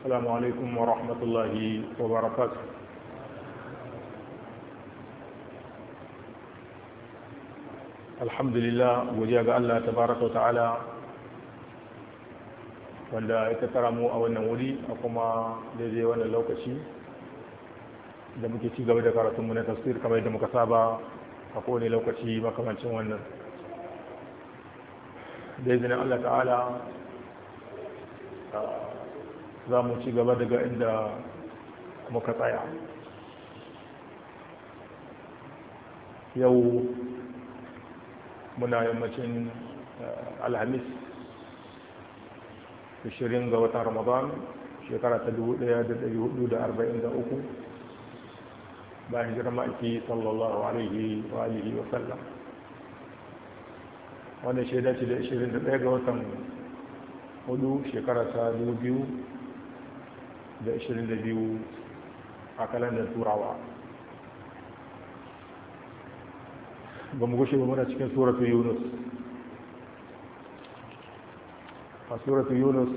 السلام عليكم ورحمة الله وبركاته الحمد لله Allah ta تبارك وتعالى wanda ya tattara mu a wannan wuri a kuma daidai wannan lokaci da muke ci gaba da karatunmu na tafsir kamar da muka saba a kowane lokaci makamancin wannan da izinin Allah ta'ala za mu ci gaba daga inda muka tsaya yau muna yammacin eh, alhamis 20 ga watan ramadan shekara ta 1443 bayan girma ake sallallahu alaihi wa alihi wa sallam wannan shaida ce da 21 ga watan hudu shekara ta 2000 da 22 a kalandar turawa ba mu gushe ba mana cikin suratun yunus a suratun yunus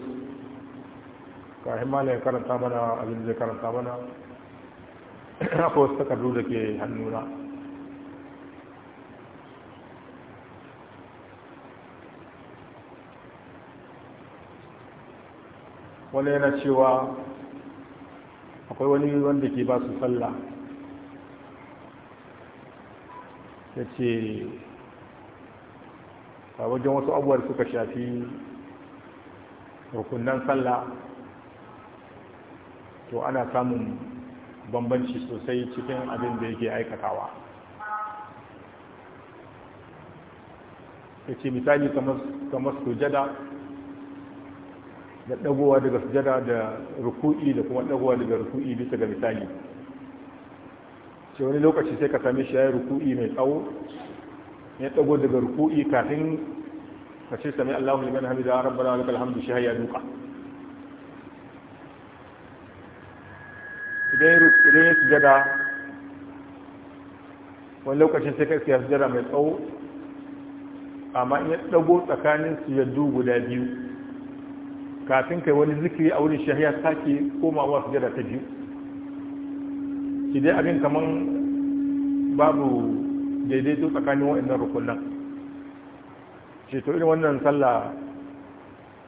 ka himala ya karanta mana abin zai karanta mana akwai wasu takardu da ke hannuna wani yana cewa akwai wani wanda ke ba su sallah ya ce a wajen wasu abuwar suka shafi rukunan sallah to ana samun bambanci sosai cikin abin da yake aikatawa ya ce misali kamar jada. da dagowa daga sujada da ruku'i da kuma dagowa daga ruku'i bisa ga misali ce wani lokaci sai ka same shi ya yi ruku'i mai tsawo ya dago daga ruku'i kafin ka ce sami Allahu liman hamida rabbana lakal hamdu shi ya duka idan ya sujada wani lokacin sai ka siya sujada mai tsawo amma in ya dago tsakanin sujadu guda biyu kafin kai wani zikiri a wurin shahiya sake komawa jada ta biyu idai abin kaman babu daidaito tsakanin wa'annan rukunan ce to irin wannan sallah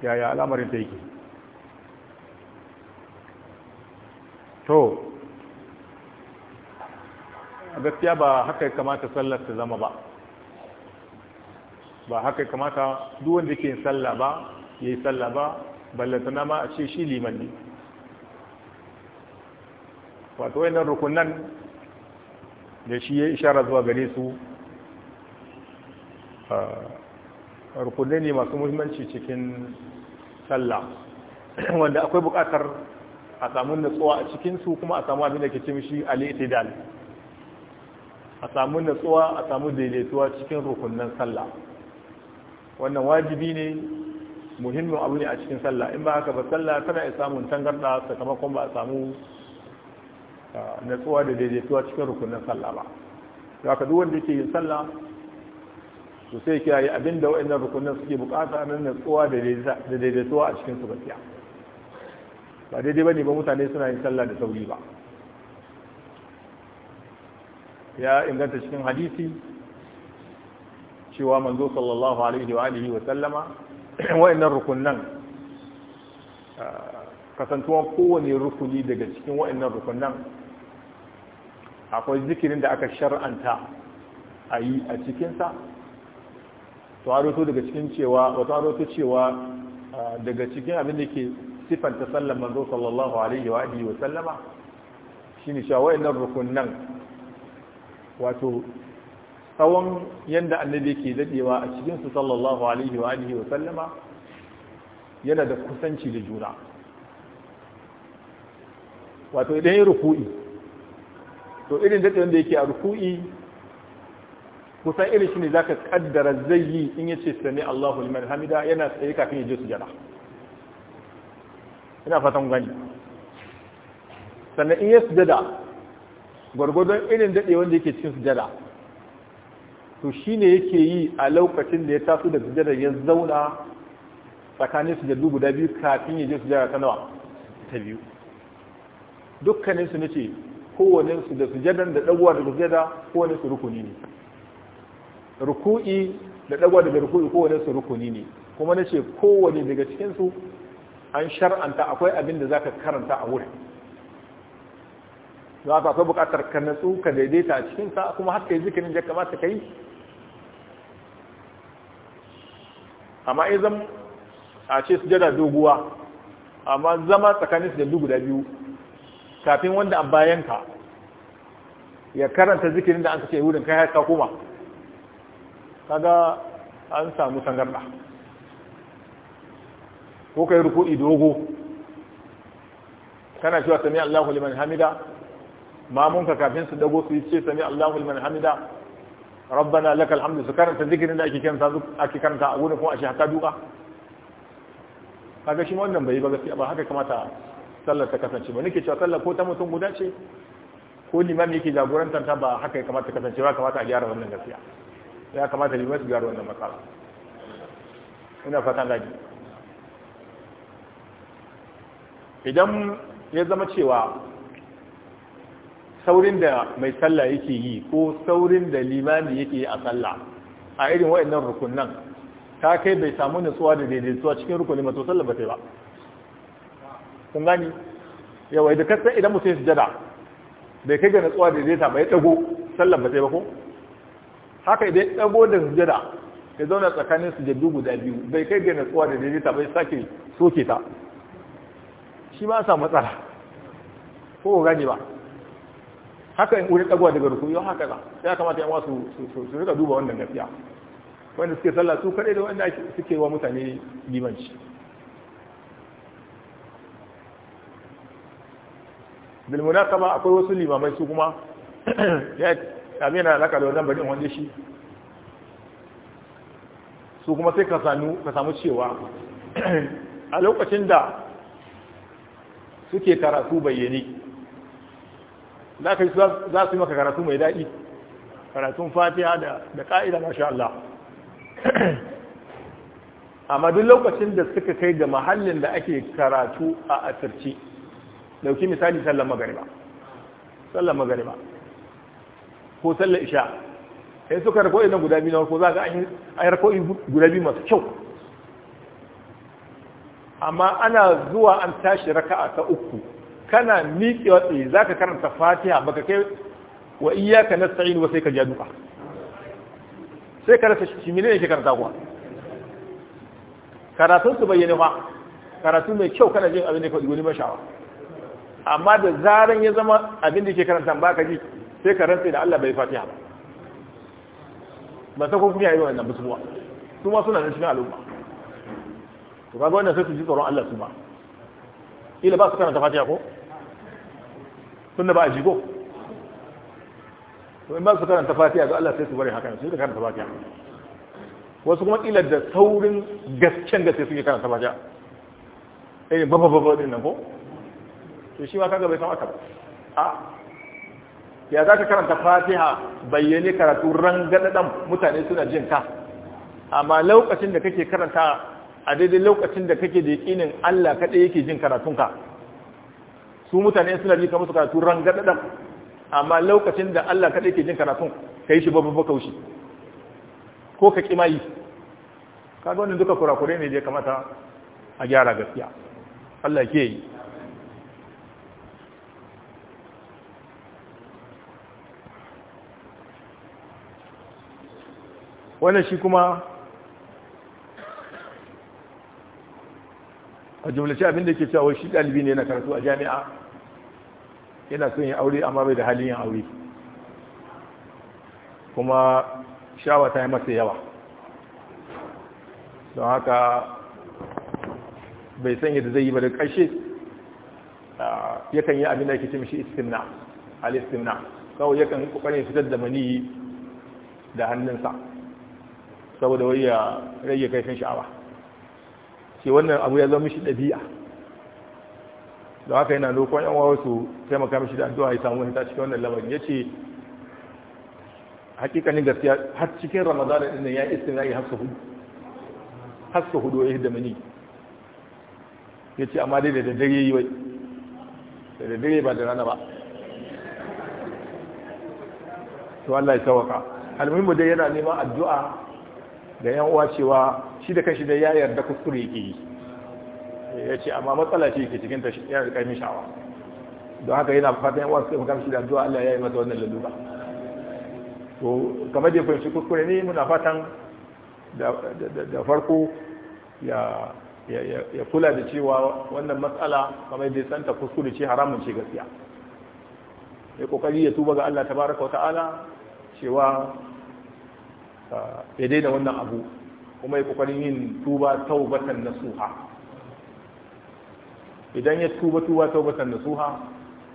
yaya al'amarin ta yake to a gaskiya ba haka ya kamata sallar ta zama ba ba haka ya kamata duk wanda ke yin sallah ba ya yi sallah ba ballantana ma a ce shi liman ne wato wayannan rukunan da shi ya ishara zuwa gare su rukunai ne masu muhimmanci cikin sallah wanda akwai bukatar a samu natsuwa a cikinsu kuma a samu abin da ke ce mishi al'itidal a samu natsuwa a samu daidaituwa cikin rukunan sallah wannan wajibi ne muhimmin abu ne a cikin sallah in ba haka ba sallah tana iya samun tangarda sakamakon ba a samu natsuwa da daidaituwa cikin rukunin sallah ba Ya haka duk wanda yake yin sallah to sai abin abinda waɗannan rukunin suke bukata na natsuwa da daidaituwa a cikin su gaskiya ba daidai bane ba mutane suna yin sallah da sauri ba ya inganta cikin hadisi cewa manzo sallallahu alaihi wa alihi wa sallama wa'annan rukunan kasantuwan kowane rukuni daga cikin wa'annan rukunan akwai zikirin da aka shar'anta a yi a cikinsa to haroto daga cikin cewa wata haroto cewa daga cikin abin da ke siffanta sallama manzo sallallahu alaihi wa alihi wa sallama shine cewa wa'annan rukunan wato tsawon yadda annabi ke daɗewa a cikinsu sallallahu alaihi wa alihi wa sallama yana da kusanci da juna wato idan yi ruku'i to irin dadewan da yake a ruku'i kusan irin shi ne za ka ƙaddara zai yi in yace sami Allahu liman hamida yana tsaye kafin ya je sujada ina fatan gani sannan in ya jada gwargwadon irin daɗe da yake cikin jada to shi ne yake yi a lokacin da ya taso da sujada ya zauna tsakanin sujadu guda biyu kafin ya je sujada ta nawa ta biyu dukkanin su nace kowane su da sujadan da dagwa da sujada kowane su rukuni ne ruku'i da dagwa da ruku'i kowane su rukuni ne kuma nace kowane daga cikin su an shar'anta akwai abin da zaka karanta a wurin za ka akwai bukatar ka natsu ka daidaita a cikinsa kuma haka yi zikirin da kamata ka yi amma in zama a ce sujada doguwa amma zama tsakanin su da guda biyu kafin wanda a bayanka ya karanta zikirin da an ce wurin kai haka kuma koma kaga an samu sangarda ko kai ruku'i dogo kana cewa sami Allahu liman hamida ka kafin su dago su yi ce sami Allahu liman hamida rabbana lakal hamdu su karanta zikirin da ake karanta ake a gurin kuma a shi haka duka kaga shi wannan bai ba gaskiya ba haka kamata sallar ta kasance ba nake cewa sallar ko ta mutum guda ce ko limami yake jagorantar ta ba haka kamata kasance ba kamata a gyara wannan gaskiya ya kamata limami su gyara wannan matsala ina fata gaji idan ya zama cewa saurin da mai sallah yake yi ko saurin da limami yake yi a sallah a irin waɗannan rukunan ta kai bai samu nutsuwa da daidaituwa cikin rukunin mato sallah ba sai ba kun gani Yawai da kasan idan mutum ya sujada bai kai ga nutsuwa da daidaita ba ya tsago sallah ba sai ba ko haka idan ya tsago da sujada ya zauna tsakanin sujadu guda biyu bai kai ga nutsuwa da daidaita ba ya sake soke ta shi ma sa matsala ko gani ba haka in wuri ɗagowa daga rukuni yau haka za ya kamata yan su rika duba wannan gafiya wanda suke tsalla su kaɗai da wanda suke wa mutane limanci bilmuna kama akwai wasu limamai su kuma ya sami yana alaƙa da wajen bari wanda shi su kuma sai ka samu cewa a lokacin da suke karatu bayyane za ka za su yi maka karatu mai daɗi karatun fatiha da ƙa'ida masha Allah amma duk lokacin da suka kai ga mahallin da ake karatu a asirci dauki misali sallan magariba sallan magariba ko sallan isha sai suka rako idan guda biyu na farko za ka an yi rako guda biyu masu kyau amma ana zuwa an tashi raka'a ta uku kana miƙewa tsaye za ka karanta fatiha baka kai wa iyaka na sa'in wa sai ka jaduka duka sai ka rasa shi mene ne ke karanta kuwa karatun su bayyane ba karatu mai kyau kana jin abin da ka wani mashawa amma da zaran ya zama abin da ke karanta ba ka ji sai ka rantsa da Allah bai fatiha ba Ban ta kuma kuma yi wannan musulwa su ma suna nan cikin al'umma to kaga wannan sai su ji tsoron Allah su ma ila ba su karanta fatiha ko tunda ba a jigo to in ba su karanta fatiha ga Allah sai su bari haka su karanta fatiha wasu kuma kila da saurin gasken da sai suke karanta fatiha eh ba ba ba din nan ko to shi ma kaga bai kamata ba a ya za ka karanta fatiha bayyane karatu rangadadan mutane suna jin ka amma lokacin da kake karanta a daidai lokacin da kake da yakinin Allah kaɗai yake jin karatunka su mutane suna ji kamar su karatu rangadadan amma lokacin da Allah kaɗai ke jin karatun kai yi shi babban ushi, ko ka ƙima yi kaga wannan duka kurakure ne da kamata a gyara gaskiya Allah ke yi wannan shi kuma a jumlace abin da ke cewa shi ɗalibi ne na karatu a jami'a yana son yin aure amma bai da halin yin aure kuma shawa ta yi masa yawa don haka bai san yadda zai yi ba da ƙarshe yakan yi abin da yake ce mashi istimna al-istimna kawai yakan kokarin fitar da mani da hannunsa saboda wai ya rage kaifin sha'awa ke wannan abu ya zo mishi ɗabi'a da haka yana lokon yan wawo su taimaka mishi da addu'a ya samu hita cikin wannan lamarin ya ce hakikanin gaskiya har cikin ramadan din nan ya iska ya yi haska hudu haska hudu ya hidda mani ya ce amma dai da daddare yi wai da daddare ba da rana ba to Allah ya sawaka almuhimmu dai yana neman addu'a da yan uwa cewa shi da kashi da ya yarda kuskure yake yi ya ce amma matsala ce ke cikin ta da karmin don haka yana fatan yan uwa su kamar shi da zuwa Allah ya yi masa wannan lalluba to kamar da fahimci kuskure ne muna fatan da farko ya kula da cewa wannan matsala kamar da santa kuskure ce haramun ce gaskiya ya kokari ya tuba ga Allah tabaraka wa cewa ya daina wannan abu kuma ya kokarin yin tuba taubatan nasuha idan ya tuba tuba taubatan nasuha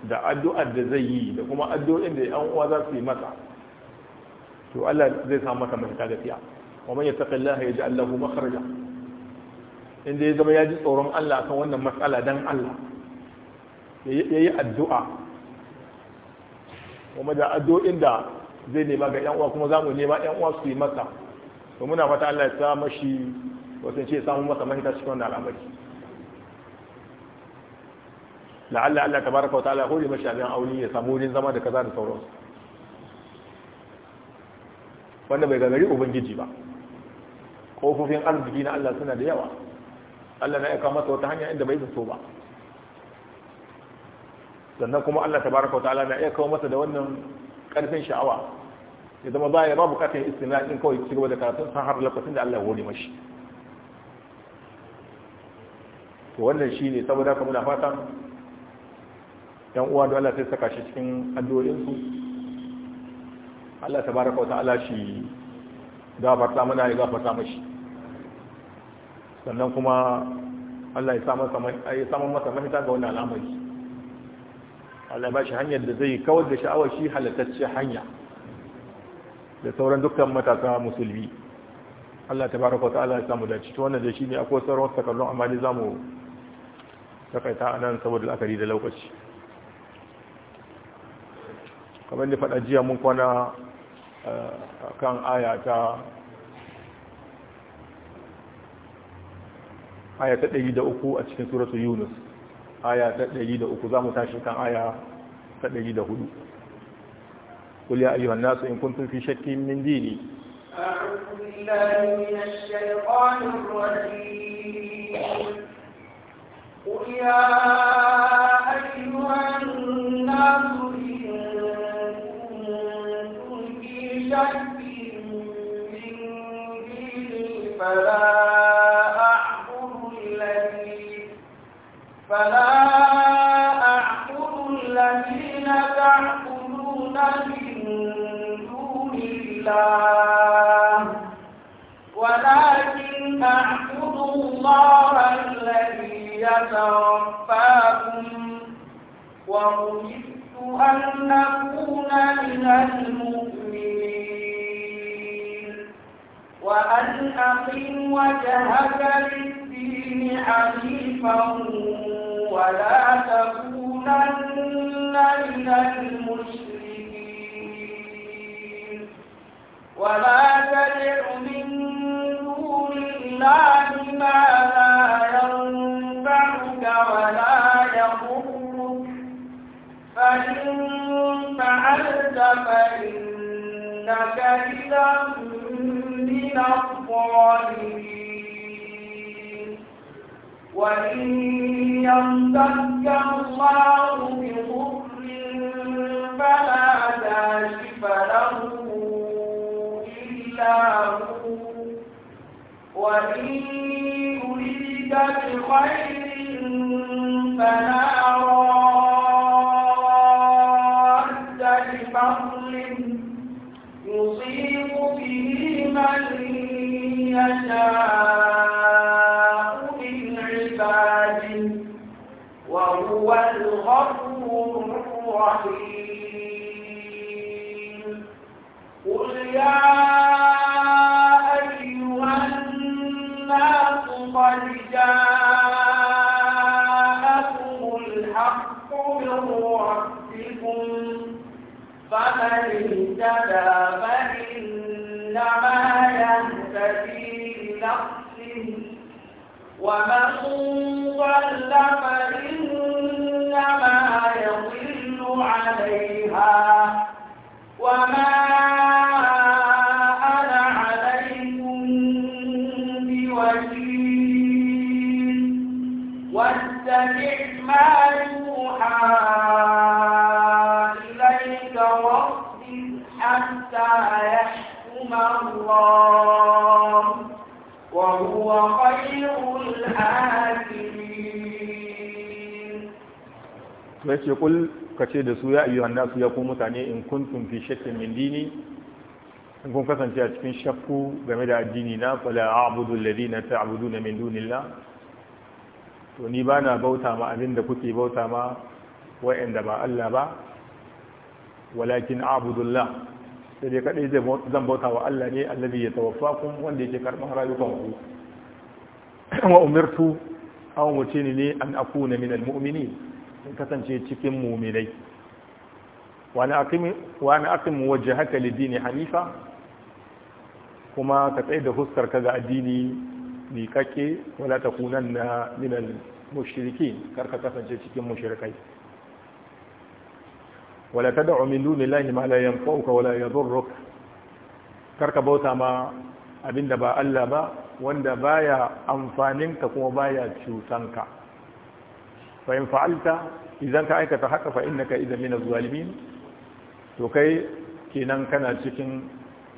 da addu'ar da zai yi da kuma addu'o'in da yan uwa za su yi masa to Allah zai samu masa mafita taƙa wa man yattaqillaha yaj'al lahu makhraja inda ya zama ya ji tsoron Allah kan wannan matsala dan Allah yayi addu'a kuma da addu'o'in da zai nema ga yan uwa kuma za mu nema yan uwa su yi masa to muna fata Allah ya sa mashi wato ce ya samu masa mahita cikin wannan al'amari la'alla Allah tabaraka wa ta'ala ya hore mashi abin auni ya samu wurin zama da kaza da sauransu wanda bai gagari ubangiji ba kofofin arziki na Allah suna da yawa Allah na aika masa wata hanya inda bai zato ba sannan kuma Allah tabaraka wa ta'ala na aika masa da wannan karfin sha'awa ya zama ba ya ba bukatar istina kawai ci gaba da karatun san har lokacin da Allah ya hore mashi to wannan shi ne saboda kuma muna fata yan uwa da Allah sai saka shi cikin addu'o'insu Allah tabaraka wa ta'ala shi gafarta mana ya gafarta mashi sannan kuma Allah ya samu masa mahita ga wannan al'amari Allah ba shi hanyar da zai kawar da sha'awar shi halattacce hanya da sauran dukkan matasa musulmi Allah ta baraka Allah ya samu dace to wannan da shi ne akwai sauran wasu takallon amma za zamu takaita a nan saboda la'akari da lokaci kamar da faɗa jiya mun kwana eh, kan aya ta aya ta 103 a cikin suratul yunus aya ta ɗari da uku za mu tashi kan aya ta ɗari da hudu kuliya ayyuhan nasu in kuntun fi shakki min dini Thank فلا أعبد الذين تعبدون من دون الله ولكن أعبد الله الذي يتوفاكم وأمرت أن أكون من المؤمنين وأن أقم وجهك للدين حنيفا ولا تكونن من المشركين ولا تدع من دون الله ما لا ينفعك ولا يضرك فإن فعلت فإنك إذا من الظالمين وإن يمسك الله بضر فلا كاشف له إلا هو وإن يريد بخير فلا راد لفضله يصيب به من يشاء قل يا أيها الناس قد جاءكم الحق من ربكم فمن فإنما يهتدي ومن ضل فإنما يَظْلِمُ عليها وما أنا عليكم بوكيل واستمع ما يوحى إليك واصبر حتى يحكم الله to ce, kul ce da su ya ayyuhan nasu ya ku mutane in kuntum fi shakkin min dini in kun kasance a cikin shakku game da addini na fala a'budu alladhina ta'buduna min dunillah to ni bana bauta ma abin da kuke bauta ma wa'anda ba Allah ba walakin a'budullah sai dai kadai zan bauta wa Allah ne allazi yatawaffakum wanda yake karban rayukanku wa umirtu aw mutini ne an akuna min almu'minin kasance cikin muminai wani akim waje haka lidini hanifa kuma ka tsaye da huskar ka ga addini kake wala ta kunan na minal kar ka kasance cikin mushrikai wala ta da'u min duni lahi ma la yanfa'uka wala yadurruk kar ka bauta ma abinda ba Allah ba wanda baya amfaninka kuma baya cutanka fa in fa'alta idan ka aikata haka fa innaka idan min az-zalimin to kai kenan kana cikin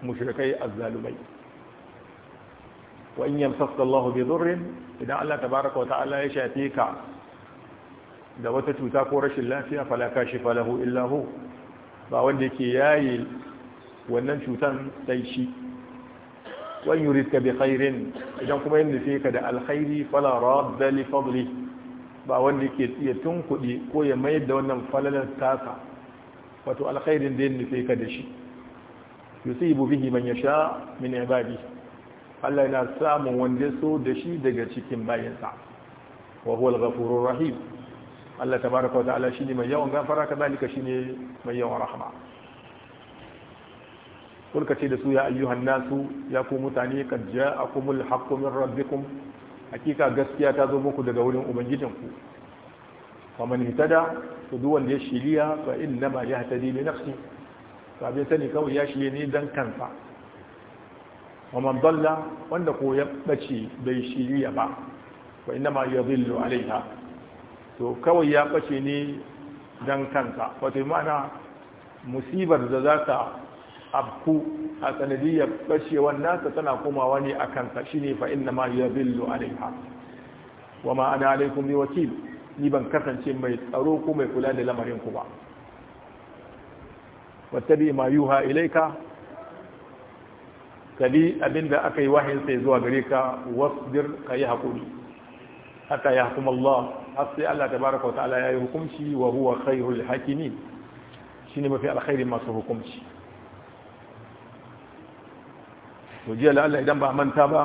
mushrikai az-zalimai wa in yamsaka Allahu bi dhurrin idan Allah tabaaraka wa ta'ala ya shafe ka da wata cuta ko rashin lafiya fala kashifa lahu illa hu ba wanda yake yayi wannan cutan sai shi wa yuridka bi khairin idan kuma yin nufi ka da alkhairi fala radda li fadlihi ba wanda yake iya kuɗi ko ya mayar da wannan falalar tasa wato alkhairin da ya nufe ka da shi yusibu bihi man sha? min ibadi Allah yana samun wanda so da shi daga cikin bayansa wa huwa al-ghafurur rahim Allah tabaaraka wa ta'ala shine mai yawan gafara kadalika shine mai yawan rahama kulka ce da su ya ayyuhan nasu ya ku mutane kad ja'akumul haqqu min rabbikum hakika gaskiya ta zo muku daga wurin ubangijinku faman hitada to duk wanda ya shiriya fa inna ma yahtadi li nafsi to abin sani kawai ya shirye ne dan kansa waman dalla wanda ko ya bace bai shiriya ba fa inna ma yadhillu alaiha to kawai ya bace ne dan kansa wato ma'ana musibar da za ta abku a sanadiyar bacewar nasa tana komawa ne a kansa shi ne fa inna ma ya alaiha wa ma'ana ana alaikum wakil ni ban kasance mai tsaro ko mai kula da lamarin ku ba bi ma yuha ilaika Kadi abinda aka yi wahayin sai zuwa gare ka wasbir ka yi hakuri haka ya hukuma Allah har sai Allah baraka wa ta'ala ya yi hukunci wa huwa khairul hakimin shine mafi alkhairin masu hukunci to jiya Allah idan ba manta ba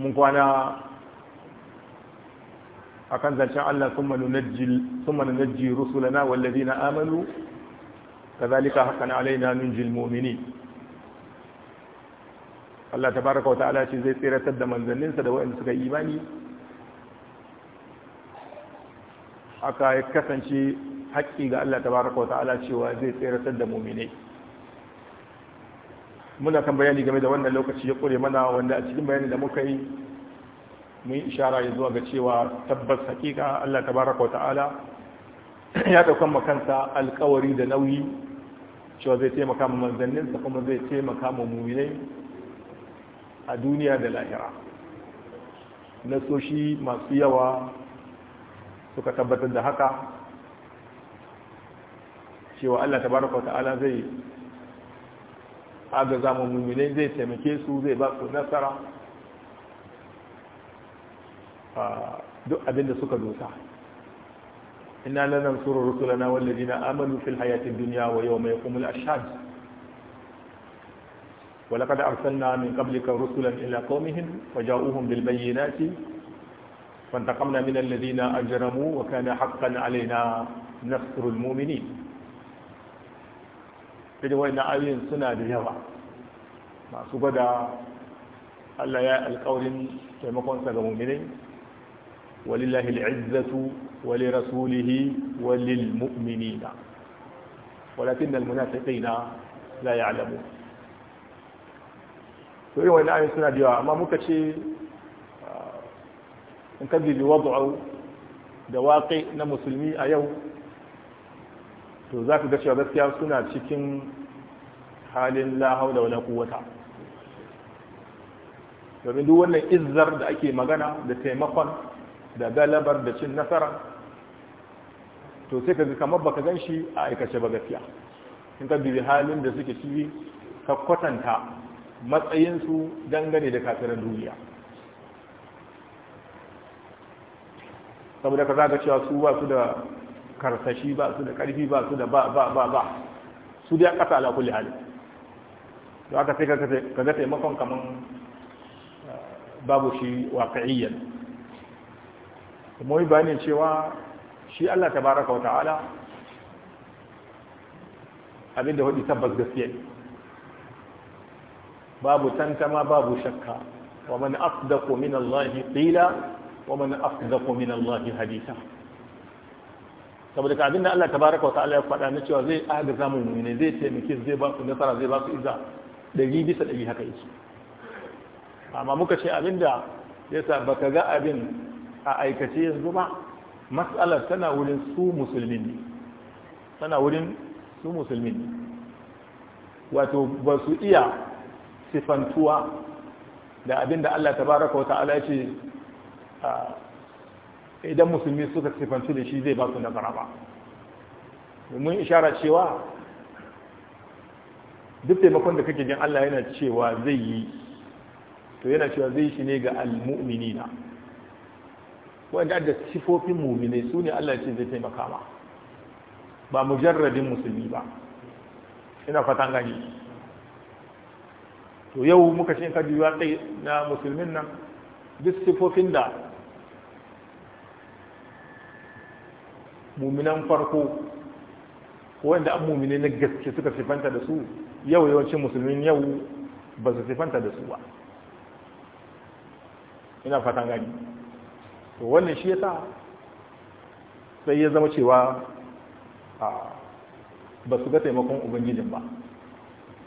mun kwana akan zancen Allah summa nunajji rusulana wallazina amanu kazalika haqqan alaina nunjil mu'minin Allah tabaraka wa ta'ala ce zai tsiratar da manzanninsa da waɗanda suka imani aka kasance haƙƙi ga Allah baraka wa ta'ala cewa zai tseratar da mu'minai muna kan bayani game da wannan lokaci ya kure mana wanda a cikin bayani da muka yi mun ishara ya zuwa ga cewa tabbas hakika Allah tabaraka wa ta'ala ya daukan makansa alkawari da nauyi cewa zai taimaka mu manzannin sa kuma zai taimaka mu mu'minai a duniya da lahira nasoshi masu yawa suka tabbatar da haka cewa Allah tabaraka wa zai aga zama mummine zai taimake su zai basu nasara ah, duk abinda suka dosa ina lanar surun rusulana wallazi na amalu fil hayatin duniya wa yau mai kumul ashad wa laqad arsalna min qablika rusulan ila qaumihim wa ja'uhum bil bayyinati fa intaqamna min alladhina ajramu wa kana haqqan alayna nasrul mu'minin irin wani ayoyin suna da yawa masu gwada Allah ya alƙawarin taimakonsa ga mu'minai walillahi al'izzatu wa li rasulihi wa lil mu'minina walakin al munafiqina la ya'lamun to irin wani ayoyin suna da yawa amma muka ce in kaddi bi wad'u da waƙi na musulmi a yau to za ka ga cewa gaskiya suna cikin halin lahau da wani kuwata domin duk wannan izzar da ake magana da taimakon da galabar da cin nasara to sai ka kamar baka gan shi a aikace ba gaskiya in ka biyu halin da suke ciki ka kwatanta matsayinsu dangane da kafirin duniya saboda ka zaga cewa su ba su da karsashi ba su da karfi ba su da ba ba ba su da kasa ala kulli hali to aka sai ka ga taimakon kaman eh, babu shi waqi'iyyan moyi bayanin cewa shi Allah tabaraka wa ta'ala abinda hudu tabbas gaskiya babu tantama babu shakka wa man asdaqu min Allah qila wa man asdaqu min Allah hadisa. saboda ka abinda Allah tabaraka wa ta'ala ya faɗa na cewa zai agaza mu ne zai taimake zai ba su nasara zai ba su iza Ɗari bisa ɗari haka yake amma muka ce abinda yasa ka ga abin a aikace yanzu ba mas'alar tana wurin su musulmi ne tana wurin su musulmi ne wato ba su iya sifantuwa da abinda Allah tabaraka wa ta'ala ya ce idan musulmi suka sifantu da shi zai ba su nazara ba domin ishara cewa duk taimakon da kake jin Allah yana cewa zai yi to yana cewa zai shi ne ga na wanda da sifofin mu'mini su ne Allah ce zai taimaka ma ba mujarradin musulmi ba ina fatan gani to yau muka shi ka juya tsaye na musulmin nan duk sifofin da muminan farko wanda an mumine na gaske suka sifanta da su yau yawancin musulmin yau ba su sifanta da su ba ina fatan gani to wannan shi yasa sai ya zama cewa ba su ga taimakon ubangijin ba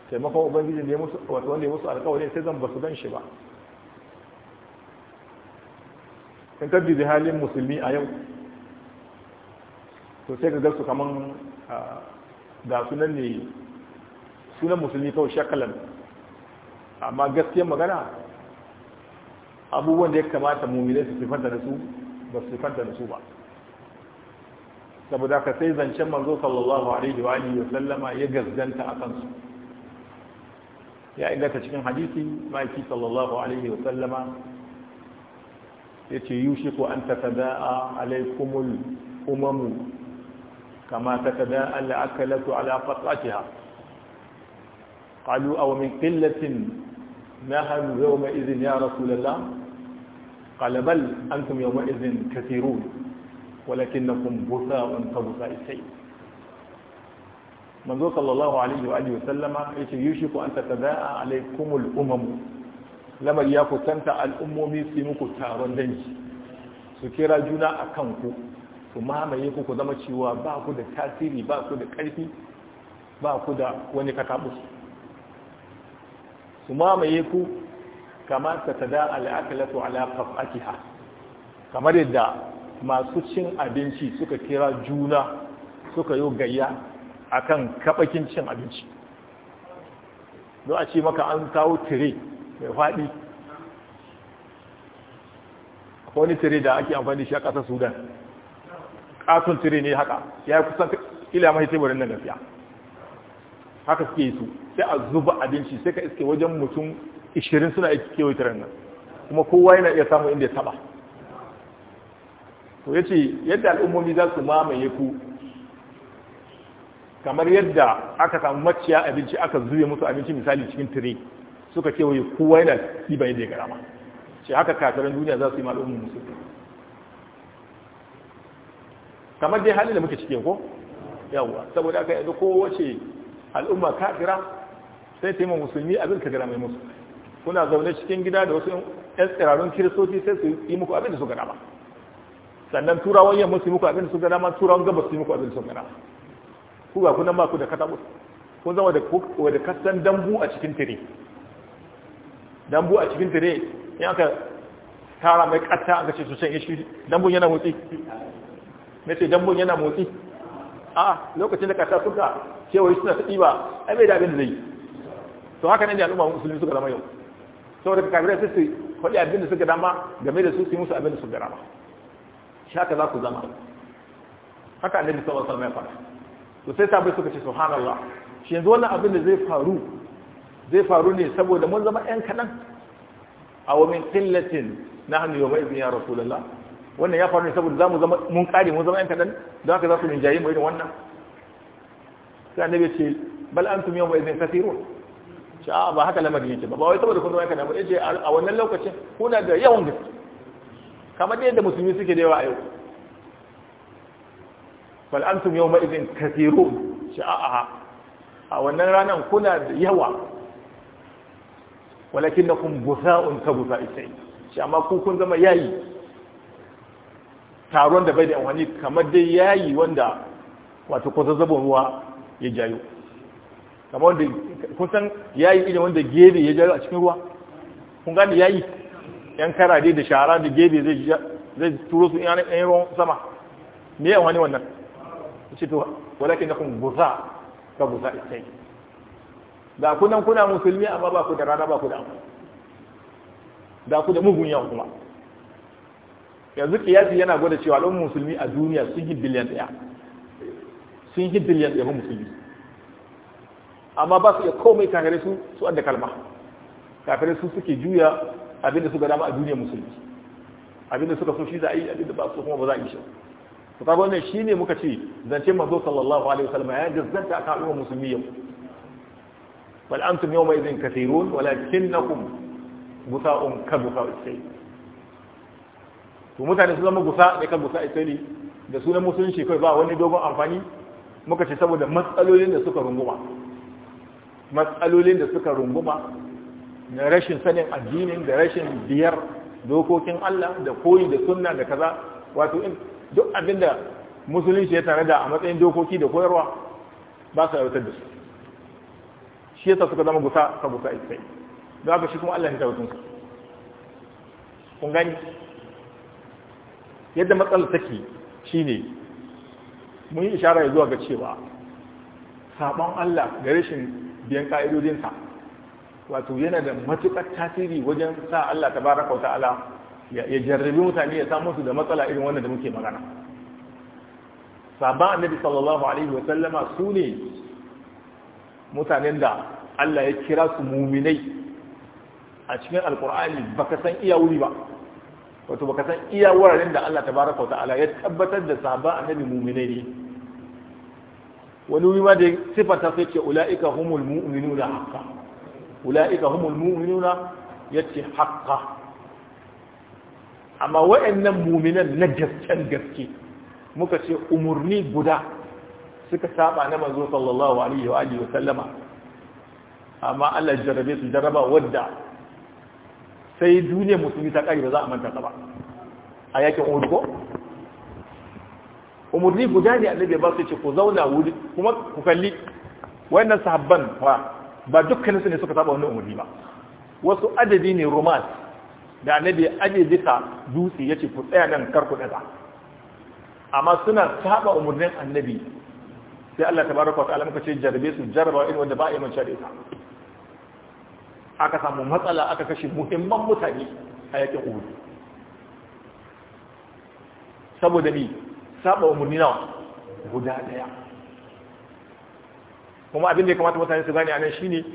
taimakon ubangijin ne musu wato wanda ya musu alkawari sai zan ba su gan shi ba in ka halin musulmi a yau to sai ka gasu kaman ga sunan ne sunan musulmi kawai shakalan amma gaskiya magana abubuwan da ya kamata mummina su sifanta da su ba su sifanta da su ba saboda ka sai zancen manzo sallallahu alaihi wa alihi sallama ya gazzanta a kansu ya inganta cikin hadisi maiki sallallahu alaihi wa sallama ya yace yushiku an a alaikumul umamu كما تتداءى الأكلة على قطعتها قالوا أو من قلة نحن يومئذ يا رسول الله قال بل أنتم يومئذ كثيرون ولكنكم بثاء كبثاء السيل منذ صلى الله عليه وآله وسلم يشيك أن تتداءى عليكم الأمم لما ياكو تنتع الأمم في مكتار دنج سكير جنا أكنكم ku mamaye ku ku zama cewa ba ku da tasiri ba ku da ƙarfi ba ku da wani kakabus su mamaye ku kamar ta tada al'akalatu ala qaf'atiha kamar yadda masu cin abinci suka kira juna suka yi gayya akan kabakin cin abinci don a ce maka an kawo tire mai faɗi wani tire da ake amfani shi a ƙasar sudan katon tire ne haka ya yi kusan ila mai wurin nan gafiya haka suke yi su sai a zuba abinci sai ka iske wajen mutum 20 suna yi kewaye tiran nan kuma kowa yana iya samun inda ya taba to ya ce yadda al'ummomi za su mamaye ku kamar yadda aka samu maciya abinci aka zube musu abinci misali cikin tire suka kewaye kowa yana ɗiba da ya garama ce haka kasarar duniya za su yi al'ummar musulmi kamar dai halin da muke cikin ko yawwa saboda aka yanzu kowace al'umma kafira sai ta yi musulmi abin ka gara mai musu kuna zaune cikin gida da wasu yan tsirarun kiristoci sai su yi muku abin da su gada ba sannan turawan yamma su yi muku abin da su gada ma turawan gabas su yi muku abin da su gada ku ga kunan ba ku da katabus kun zama da kasan dambu a cikin tire dambu a cikin tire in aka tara mai kata aka ce su can ishi dambun yana motsi na ce dambon yana motsi a lokacin da sa suka cewa suna ta ba A bai da da zai to haka ne da al'umma musulmi suka zama yau da kafirai sai su faɗi abin da suka dama game da su su yi musu abin da suka dama shi haka za ku zama haka annabi sallallahu alaihi wasallam ya faɗa to sai sabai suka ce subhanallah shi yanzu wannan abin da zai faru zai faru ne saboda mun zama ƴan kaɗan a wa min qillatin nahnu yawma idhin ya rasulullah wannan ya faru ne saboda zamu zama mun kare mun zama yan kadan don haka za su jayi mu irin wannan sai annabi ya ce bal antum yawma idhin kathirun sha ba haka lamarin yake ba ba wai saboda kun zama yan kadan ba yace a wannan lokacin kuna da yawan gaske kamar yadda musulmi suke da yawa a yau bal antum yawma idhin kathirun sha a a wannan ranan kuna da yawa walakinakum gusa'un ka butha'i sai amma ku kun zama yayi taron da bai da amfani kamar dai yayi wanda wato kusa zazzabon ruwa ya jayo kamar wanda kusan yayi irin wanda gebe ya jayo a cikin ruwa kun gane yayi yan kara dai da shara da gebe zai zai turo su yan ruwan sama me ya wani wannan ce to walakin nakum guza ka guza sai da kunan kuna musulmi amma ba ku da rana ba ku da da ku da mugun yawa kuma yanzu kiyasi yana gwada cewa al'ummar musulmi a duniya sun yi biliyan ɗaya sun yi biliyan ɗaya musulmi amma ba su iya komai kafirai su su adda kalma kafirai su suke juya abinda suka dama a duniyar musulmi abinda suka so shi za a yi abinda ba su kuma ba za a yi shi to kaga wannan ne muka ce zance manzo sallallahu alaihi wasallam ya a akan al'ummar musulmi yau bal antum yawma idhin kathirun walakinnakum butha'un ka butha'is to mutane su zama gusa da kan gusa ne da sunan musulunci kai ba wani dogon amfani muka ce saboda matsalolin da suka runguma matsalolin da suka runguma na rashin sanin addinin da rashin biyar dokokin Allah da koyi da sunna da kaza wato in duk abinda musulunci ya tare da a matsayin dokoki da koyarwa ba su aiwatar da su shi yasa suka zama gusa ka gusa isai don haka shi kuma Allah ya tawatun su kun gani yadda matsalar take shi ne, mun yi ishara zuwa ga cewa sabon Allah da rashin biyan ka'idodinsa wato yana da matuƙar tasiri wajen sa Allah baraka wa ta'ala ya jarrabi mutane ya samu su da matsala irin wannan da muke magana sabon annabi sallallahu alaihi wa sallama su ne mutanen da Allah ya kira su muminai a cikin alkur'ani baka san iya wuri ba wato baka san iya wuraren da Allah tabaraka wa ta'ala ya tabbatar da sahaba annabi mu'minai ne wani wima da ta sai ce ula'ika humul mu'minuna haqqa ula'ika humul mu'minuna yace haqqa amma wa'annan mu'minan na gaskiyar gaske muka ce umurni guda suka saba na manzo sallallahu alaihi wa alihi wa sallama amma Allah jarrabe su jarraba wadda sai duniyar musulmi ta kare ba za a manta ba a yakin uhud ko umurni guda ne annabi ba su ce ku zauna wuri kuma ku kalli wannan sahabban ba ba dukkanin su ne suka saba wannan umurni ba wasu adadi ne roman da annabi adadi duka dutse ya ce ku tsaya nan karku ku daga amma suna saba umarnin annabi sai Allah ta wa ta'ala muka ce jarabe su jaraba in wanda ba a yi mancha da ita aka samu matsala aka kashe muhimman mutane a yakin uhud saboda ni saba umarni nawa guda daya kuma abin da ya kamata mutane su gane nan shine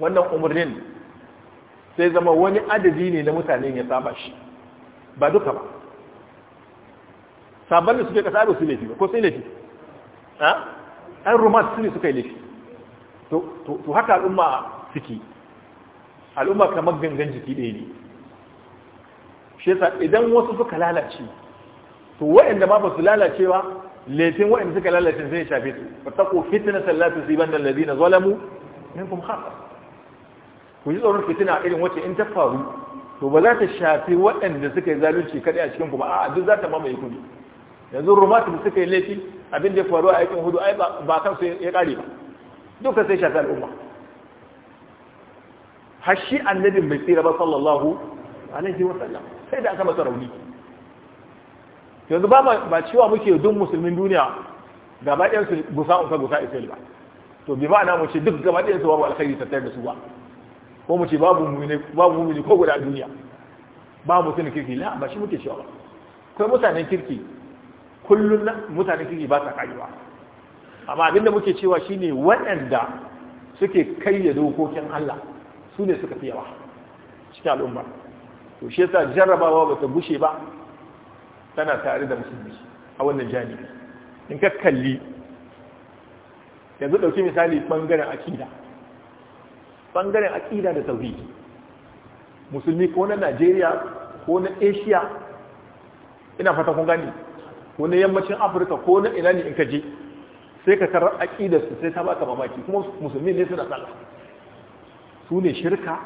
wannan umarnin sai zama wani adadi ne na mutane ya saba shi ba duka ba sabon da suke kasa da su laifi ba ko sai laifi ha an su ne suka yi laifi to haka al'umma ciki al'umma kamar gangan jiki ɗaya ne shi yasa idan wasu suka lalace to waɗanda ma ba su lalace ba laifin waɗanda suka lalace zai shafe su ko fitina ta ban da la na alladhina zalamu kuma haka ku ji tsoron fitina irin wacce in ta faru to ba za ta shafi waɗanda suka yi zalunci kaɗai a cikin kuma a duk za ta mamaye kudi yanzu rumatu suka yi laifi abin da ya faru a aikin hudu ai ba kan su ya ƙare ba duka sai shafi al'umma har shi annabin tsira ba sallallahu alaihi wa sallam sai da aka masa rauni yanzu ba ba cewa muke duk musulmin duniya gaba ɗayan su gusa uka gusa isra'il ba to bi ma'ana mu ce duk gaba ɗayan su babu alkhairi tattare da su ba ko mu ce babu mu'mini babu mu'mini ko guda duniya ba mutum kirki la ba shi muke cewa ba kai mutanen kirki kullum mutanen kirki ba sa kaiwa amma abinda muke cewa shine waɗanda suke kai da dokokin Allah su ne suka fi yawa cikin al'umma to shi yasa jarrabawa ba ta gushe ba tana tare da musulmi a wannan janibi in ka kalli yanzu ɗauki misali ɓangaren akida ɓangaren akida da tauhidi musulmi ko na najeriya ko na asia ina fata kun gani ko na yammacin afirka ko na ina ne in ka je sai ka tarar aƙidarsu sai ta baka mamaki kuma musulmi ne suna tsala su ne shirka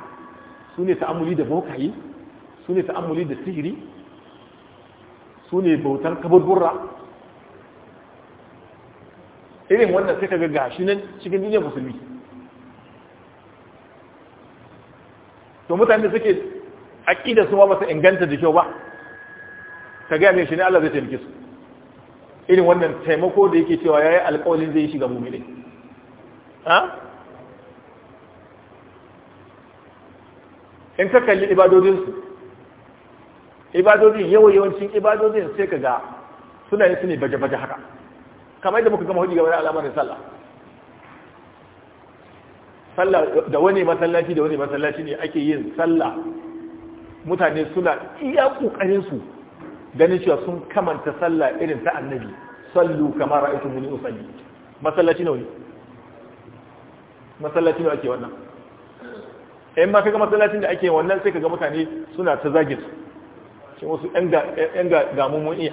su ne ta'amuli da bokaye su ne ta'amuli da sihiri su ne bautar kaburbura. irin wannan sai ka ga gashi nan cikin duniyar musulmi to mutane suke aƙida su ba su inganta da kyau ba ka gaya mai shi ne Allah zai taimake su irin wannan taimako da yake cewa ya yi alƙawalin zai shiga mummi ne ha in ka kalli ibadodinsu ibadodin yawan yawancin ibadodin sai ka ga suna yin su ne baje-baje haka kamar yadda muka gama hudu game da al'amarin sallah sallah da wani masallaci da wani masallaci ne ake yin sallah mutane suna iya kokarin su ganin cewa sun kamanta sallah irin ta annabi sallu kamar ra'aytu muni usalli masallaci nawa wani masallaci na ake wannan in ma kaga masallacin da ake wannan sai kaga mutane suna ta zagin su shi wasu yan ga mun iya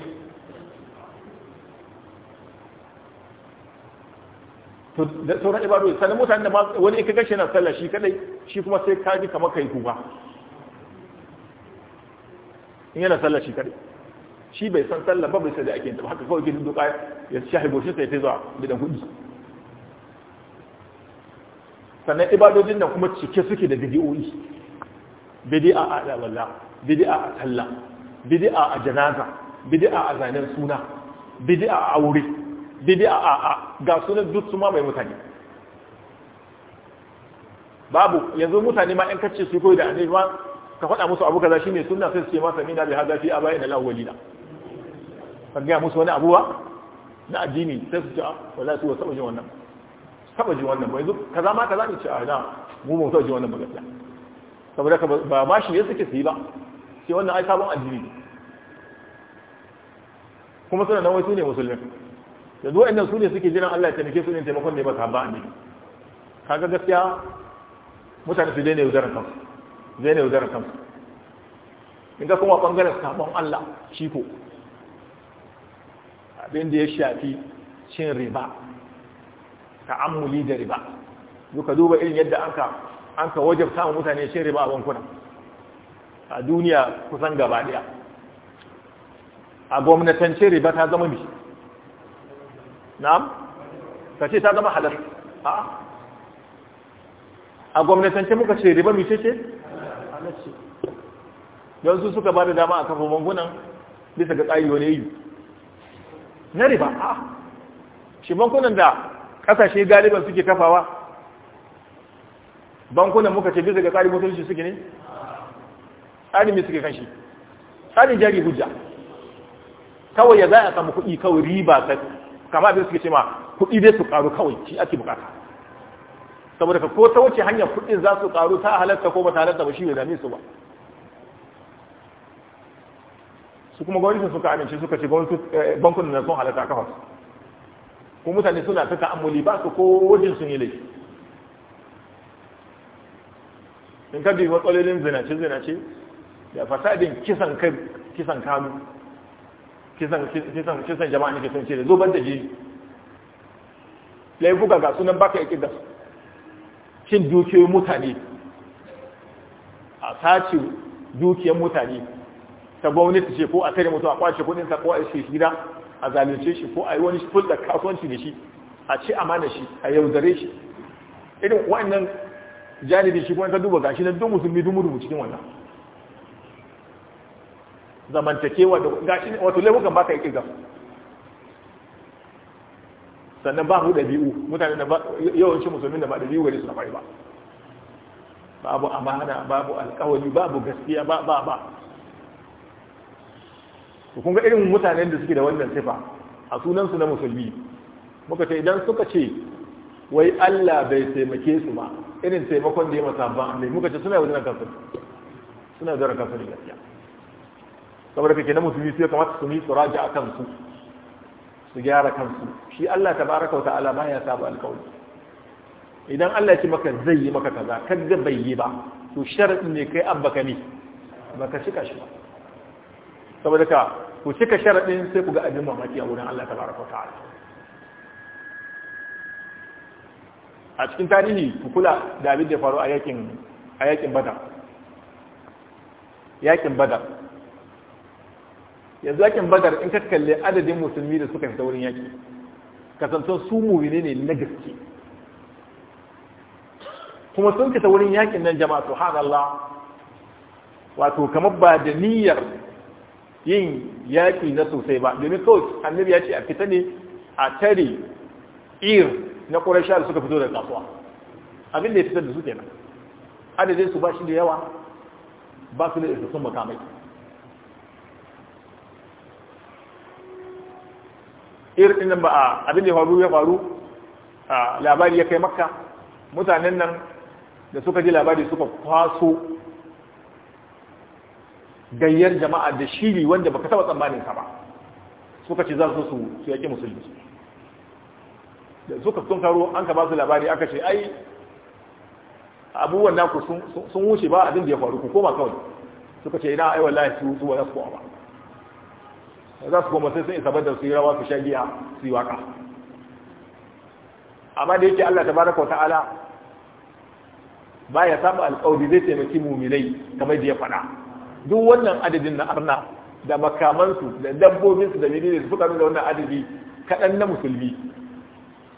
to da sauran ibadu sannan mutane da wani in kaga shi na sallah shi kadai shi kuma sai ka ji kamar kai kuka in yana sallah shi kadai shi bai san sallah ba bai sai da ake yin haka kawai gidan doka ya shahi goshin sai ta zuwa gidan kudi sannan ibadojin nan kuma cike suke da bidiyoyi bidi'a a alwala bidi'a a talla bidi'a a janaza bidi'a a zanen suna bidi'a a aure bidi'a a ga sunan duk su mai mutane babu yanzu mutane ma 'yan kace su koyi da annabi ma ka faɗa musu abu kaza shine sunna sai su ce masa mina bi hadafi abai da lawalina ka ga musu wani abuwa na addini sai su ce ah, wallahi su wasa jin wannan taba ji wannan ba yanzu kaza ma kaza ne ce a ah, na mu mu ji wannan ba gaskiya saboda ka ba ma shi ne suke su yi ba sai wannan ai sabon addini ne kuma suna nan wai su ne musulmi yanzu wa'annan su ne suke jiran Allah ya taimake su ne taimakon ne ba ta ba ne kaga gaskiya mutane su daina yaudarar kansu daina yaudarar kansu in ga kuma bangaren sabon Allah shi ko abin da ya shafi cin riba ta'ammuli da riba duka duba irin yadda anka anka wajabta wa mutane cin riba a bankuna a duniya kusan gaba daya a gwamnatance riba ta zama mi na'am kace ta zama halal a a gwamnatance muka ce riba mi ce ce halal ce don su suka ba da dama a kafa bankunan, bisa ga tsari wani yi na riba a shi bankunan da kasashe galiban suke kafawa bankunan muka ce bisa ga tsari mutunci suke ne tsarin mai suke kashi tsarin jari hujja kawai ya za a samu kuɗi kawai riba ta kama abin suke ce ma kuɗi dai su ƙaru kawai ci ake bukata saboda ka ko ta wuce hanyar kuɗin za su ƙaru ta halatta ko ba ta halatta ba shi ne dame su ba su kuma gwamnatin suka amince suka ce eh, bankunan sun halatta a ko mutane suna ta ta'amuli ba su ko wajen sun yi laifi in ka bi matsalolin zinace zinace da fasadin kisan kai kisan kanu kisan kisan kisan jama'a ne ke son ce da zo da jini laifuka ga sunan baka yake da cin dukiyoyin mutane a sace dukiyar mutane ta gwamnati ce ko a tare mutum a kwashe kudinsa ko a shi gida a zalunce shi ko a yi wani fulɗa kasuwanci da shi a ce amana shi a yaudare shi irin wannan janibi shi kuma ta duba gashi na dun musulmi dun mudu cikin wannan zamantakewa da gashi wato laifukan ka yi gaba sannan ba mu ɗabi'u mutane da yawancin musulmi da ba ɗabi'u gari su na ba babu amana babu alƙawari babu gaskiya ba ba ba Ku kun ga irin mutanen da suke da wannan sifa a sunan su na musulmi muka ce idan suka ce wai Allah bai taimake su ba irin taimakon da ya masa ba annabi muka ce suna wajen kafin suna da kafir gaskiya saboda kake na musulmi sai kamata su mi su raja a kansu su gyara kansu shi Allah tabaraka wa ta'ala ba ya saba alƙawari idan Allah ya ce maka zai yi maka kaza kaga bai yi ba to sharadin ne kai abba ka ne baka cika shi ba saboda ka ku cika sharaɗin sai ku ga abin mamaki a wurin Allah tabaraka ta'ala a cikin tarihi ku kula da abin da faru a yakin a yakin badar yanzu yakin badar in ka kalli adadin musulmi da suka fita wurin yaki kasantar su mu'mine ne na gaske kuma sun fita wurin yakin nan jama'a subhanallah wato kamar ba da niyyar yin yaƙi na sosai ba domin kawai annabi ya ce a fita ne a tare ir na ƙurashiya da suka fito da kasuwa abin da ya fitar da su kenan adadin su ba shi da yawa ba su da isassun makamai ir ɗin nan ba a abin da ya faru ya faru a labari ya kai makka mutanen nan da suka ji labari suka kwaso gayyar jama'a da shiri wanda baka taba tsammanin sa ba suka ce za su su su yake musulmi da suka sun karo an ka ba su labari aka ce ai abubuwan naku sun wuce ba abin da ya faru ku koma kawai suka ce ina ai wallahi su su ba za ba za su koma sai sun isa bada su yi rawa su shagiya su yi waka amma da yake Allah tabaraka wa ta'ala ba ya samu alƙawari zai taimaki mumilai kamar da ya faɗa duk wannan adadin na arna da makamansu da dabbobinsu da menene da suka nuna wannan adadi kaɗan na musulmi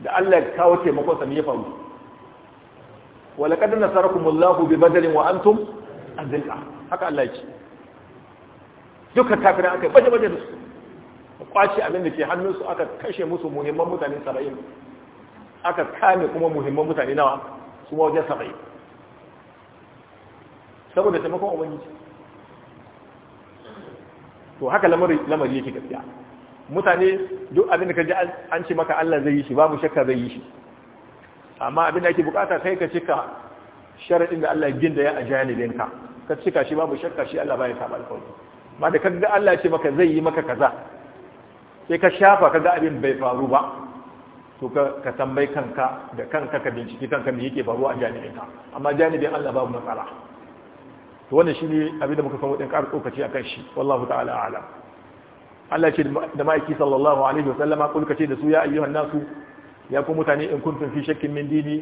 da Allah ya kawo taimakon sa ne ya faru wa laqad nasarakumullahu bi badalin wa antum azilla haka Allah yake duka kafirin aka baje baje da su kwace abin da ke hannunsu aka kashe musu muhimman mutane 70 aka kame kuma muhimman mutane nawa su wajen 70 saboda taimakon ubangiji to haka lamari lamari yake gaskiya mutane duk abin da kaji an ce maka Allah zai yi shi babu shakka zai yi shi amma abin da ake bukata kai ka cika sharadin da Allah ginda ya ajalibin ka ka cika shi babu shakka shi Allah baya saba alƙawari ma da kaga Allah ya ce maka zai yi maka kaza sai ka shafa kaga abin bai faru ba to ka tambayi kanka da kanka ka binciki kanka me yake faruwa a janibin ka amma janibin Allah babu matsala to wannan shine abin da muka samu din ƙara tsokaci akan shi wallahu ta'ala a'lam Allah ce da ma'aiki sallallahu alaihi a kul kace da su ya ayyuhan nasu ya ku mutane in kuntum fi shakkin min dini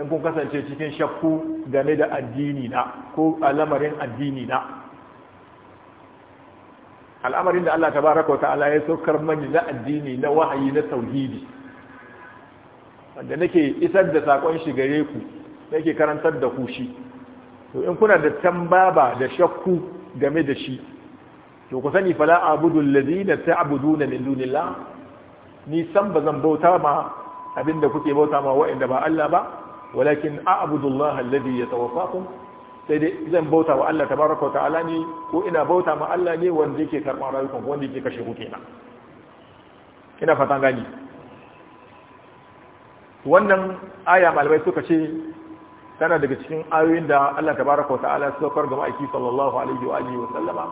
in kun kasance cikin shakku game da addini na ko al'amarin addini na al'amarin da Allah tabaraka ta'ala ya saukar mani na addini na wahayi na tauhidi wanda nake isar da sakon shi gare ku nake karantar da ku shi to in kuna da tambaba da shakku game da shi to ku sani fala abudu allazina ta'buduna min dunillah ni san bazan bauta ma abinda kuke bauta ma wa'anda ba Allah ba walakin a'budu Allah alladhi yatawaffakum sai dai zan bauta wa Allah tabaraka wa ta'ala ne ko ina bauta ma Allah ne wanda yake karɓa rayukan wanda yake kashe ku kenan ina fatan gani wannan aya malamai suka ce tana daga cikin ayoyin da Allah tabaraka wa ta'ala saukar ga ma'aiki sallallahu alaihi wa alihi wa sallama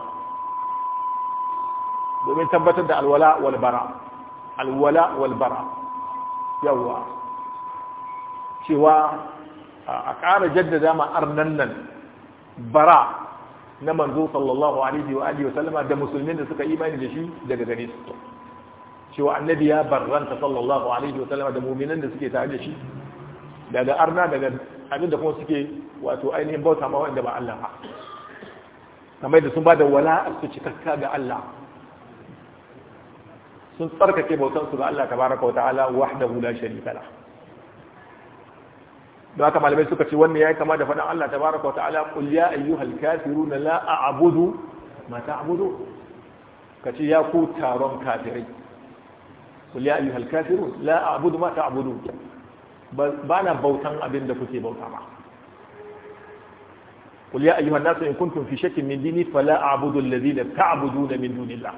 domin tabbatar da alwala wal bara alwala wal bara yawa cewa a ƙara jaddada ma nan nan bara na manzo sallallahu alaihi wa alihi wa sallama da musulmin da suka imani da shi daga gare su cewa annabi ya barranta sallallahu alaihi wa sallama da mu'minan da suke tare da shi daga arna daga abin da kuma suke wato ainihin bauta ma wanda ba Allah ba kamar da sun ba da wala su cikakka ga Allah sun tsarkake bautan su ga Allah tabaraka wa ta'ala wahdahu la sharika la da haka malamai suka ce wannan yayi kama da faɗin Allah tabaraka wa ta'ala qul ya ayyuhal kafiruna la a'budu ma ta'budu kace ya ku taron kafirai qul ya ayyuhal kafirun la a'budu ma ta'budun ba na bautan abin da kuke bauta ba. Kul ya ayyuhan nasu in kuntum fi shakin min dini fala abudu lalzi da ta abudu da min duni la.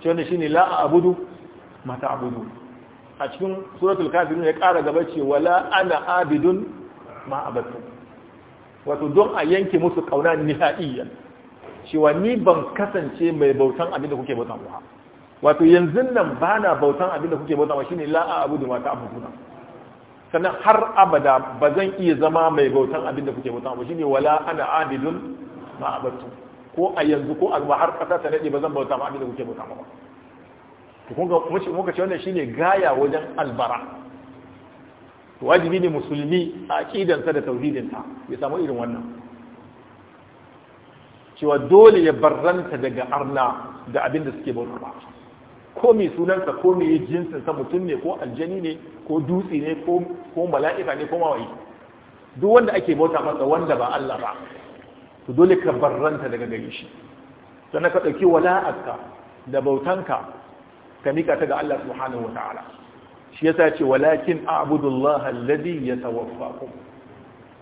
shi ne la abudu ma ta abudu. A cikin suratul kafinu ya kara gaba ce wala ana abidun ma abatu. Wato don a yanke musu kauna ni ha'i ya. ni ban kasance mai bautan abin da kuke bautan ba. Wato yanzu nan ba na bautan abin da kuke bautan ba shi ne la abudu ma ta abudu sannan har abada ba zan iya zama mai bautan abin da kuke bautan shi ne wala ana abidun ma abatu ko a yanzu ko a har kasa ta nade ba zan bauta ma abin da kuke bauta ba to kun ga muka ce wannan shine gaya wajen albara to wajibi ne musulmi a sa da sa ya samu irin wannan cewa dole ya barranta daga arna da abin da suke bauta ba ko mai sunansa ko mai jinsinsa mutum ne ko aljani ne ko dutse ne ko mala'ika ne ko mawai duk wanda ake bauta masa wanda ba Allah ba to dole ka barranta daga gare shi sannan ka ɗauki wala'arka da bautanka ka mika ta ga Allah subhanahu wa ta'ala shi yasa ce walakin a'budullah alladhi yatawaffakum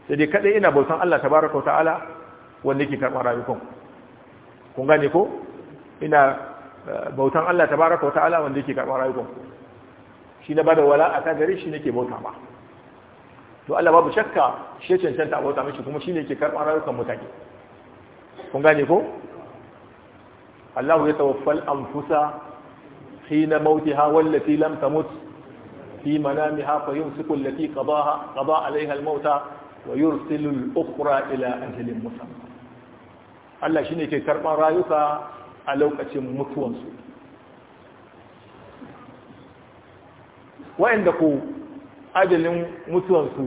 sai dai kada ina bautan Allah tabaraka wa ta'ala wanda yake karɓar rayukun kun gane ko ina bautan Allah tabaraka wa ta'ala wanda yake karɓar rayukan shi na bada wala a gare shi ne ke bauta ba to Allah babu shakka shi cancanta a bauta mashi kuma shi ne ke karɓar rayukan mutane kun gane ko Allah ya tawaffal anfusa hina mautiha wallati lam tamut fi manamiha fa yumsiku allati qadaha qada alaiha al-mauta wa yursilu al-ukhra ila ajalin musamma Allah shi ne ke karɓar rayuka a lokacin mutuwansu wa'inda ku ajalin mutuwansu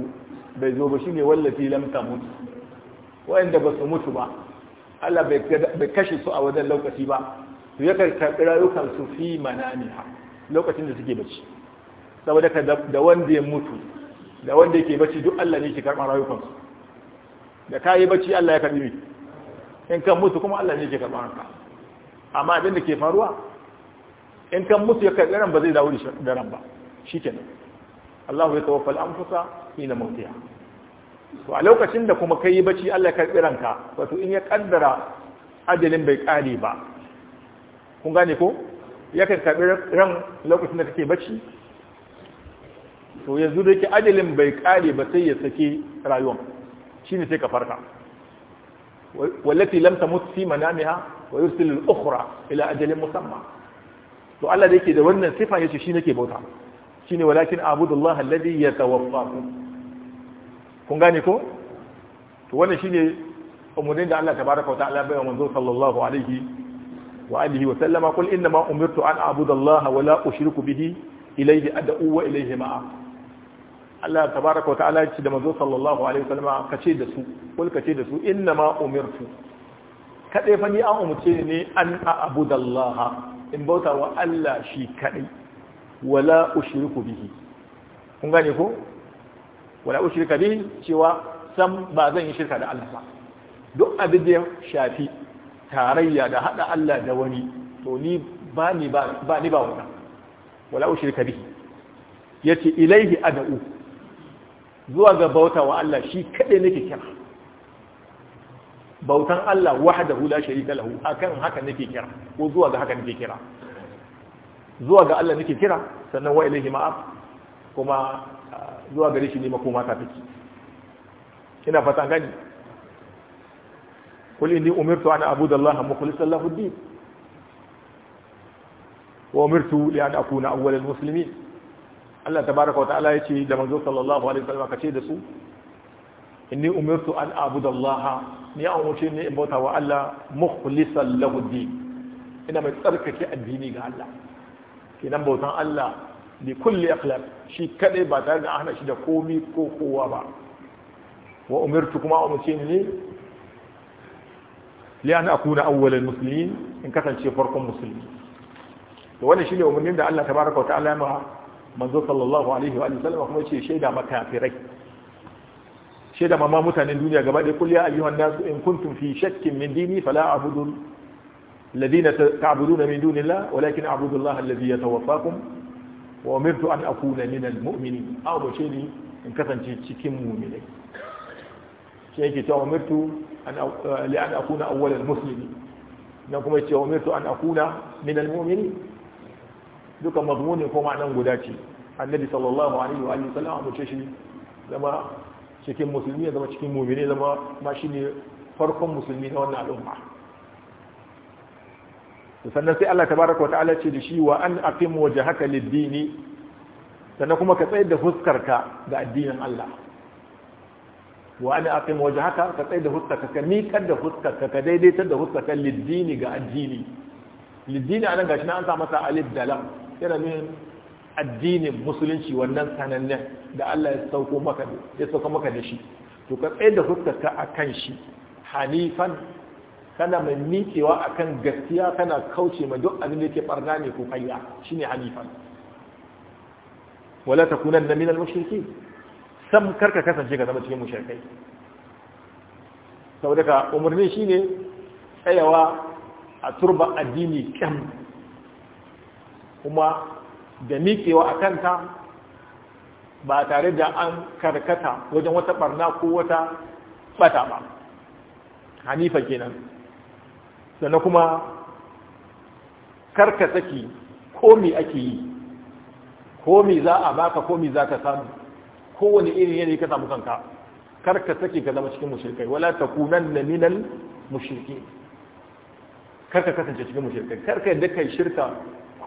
bai zo ba shi ne wallafi lamta mutu wa'inda ba su mutu ba Allah bai kashe su a wajen lokaci ba su ya karɓi rayukansu fi mananiha lokacin da suke bacci saboda ka da wanda ya mutu da wanda yake bacci duk Allah ne ke karɓar rayukansu da ka yi bacci Allah ya karɓi in kan mutu kuma Allah ne ke karɓar rayukansu amma abin da ke faruwa in kan mutu ya karɓi ran ba zai dawo da ran ba shi ke nan Allah ya tawafal an fusa ni na mautiya to a lokacin da kuma kai yi bacci Allah ya karɓi ranka wato in ya kaddara ajalin bai kare ba kun gane ko ya karɓi ran lokacin da kake bacci to yanzu da yake ajalin bai kare ba sai ya sake shi shine sai ka farka wallati lam tamut fi manamiha wa yursilu al-ukhra ila ajalin musamma to Allah da yake da wannan sifa yace shi nake bauta shine walakin abudullah alladhi yatawaffakum kun gane ko to wannan shine umurnin da Allah tabaaraka wa ta'ala bai wa manzo sallallahu alaihi wa alihi wa sallama qul inna ma umirtu an abudallah wa la ushriku bihi ilayhi ad'u wa ilayhi ma'a Allah tabaaraka wa ta'ala ya ce da manzo sallallahu alaihi wa sallama kace da su kul kace da su inna ma umirtu kaɗai fa ni an umarce ne an a a'budallaha in bauta wa Allah shi kaɗai wala ushiriku bihi kun gane ko wala ushirika bihi cewa sam ba zan yi shirka da Allah ba duk abin da ya shafi tarayya da hada Allah da wani to ni ba ni ba ba ni ba wannan wala ushirika bihi yace ilaihi ad'u zuwa ga bauta wa Allah shi kaɗai nake kira bautan Allah wahdahu la sharika lahu akan haka nake kira ko zuwa ga haka nake kira zuwa ga Allah nake kira sannan wa ilaihi ma'ab kuma zuwa gare shi ne makoma ta take ina fata gani kul inni umirtu an abuda Allah mukhlishan lahu din wa umirtu li an akuna awwalal muslimin Allah tabaaraka wa ta'ala yace da manzo sallallahu alaihi wasallam kace da su inni umirtu an abudallaha ni an wuce ne in bauta wa Allah mukhlisan lahu din ina mai tsarkake addini ga Allah kenan bautan Allah bi kulli akhlaq shi kadai ba tare da ana shi da komi ko kowa ba wa umirtu kuma umarce ne li an akuna awwalal muslimin in kasance farkon musulmi to wannan shine umurnin da Allah tabaraka wa ta'ala ma manzo sallallahu alaihi wa sallam kuma ce shaida makafirai she da mamma mutanen duniya gaba ɗaya kulliya ayyuhan nasu in kuntum fi shakkin min dini fala a'budu alladhina ta'buduna min dunillah walakin a'budu Allah alladhi yatawaffakum wa umirtu an akuna min almu'minin aw ce ni in kasance cikin mu'minai shi yake ta umirtu an li an akuna awwal almuslimin nan kuma ce umirtu an akuna min almu'minin duka mazmunin ko ma'anan guda ce annabi sallallahu alaihi wa sallam a bace shi zama cikin musulmi ya zama cikin mumine zama ma shi ne farkon musulmi na wannan al'umma sannan sai Allah tabaraka wa ta'ala ce da shi wa an aqim wajhaka lid-dini sannan kuma ka tsayar da fuskarka ga addinin Allah wa an aqim wajhaka ka tsayar da fuskarka ka miƙar da fuskarka ka daidaitar da fuskarka lid-dini ga addini lid-dini anan gashi na an sa masa alif da lam yana nuna addinin musulunci wannan sanannen da Allah ya sauko maka ya sauko maka da shi to ka tsaye da a akan shi hanifan kana mai miƙewa akan gaskiya kana kauce ma duk abin da yake barna ne ko kayya shine hanifan wala takunanna al-mushriki sam karka kasance ka zama cikin mushrikai saboda ka umarni shine tsayawa a turba addini kam kuma da miƙewa a kanta ba tare da an karkata wajen wata barna ko wata bata ba hanifa kenan sannan kuma karkata saki komi ake yi komi za a baka komi za ka samu kowane irin yanayi ka samu kanka karkata saki ka zama cikin mushrikai wala ta na minal mushrikin karka kasance cikin mushrikai karka yadda kai shirka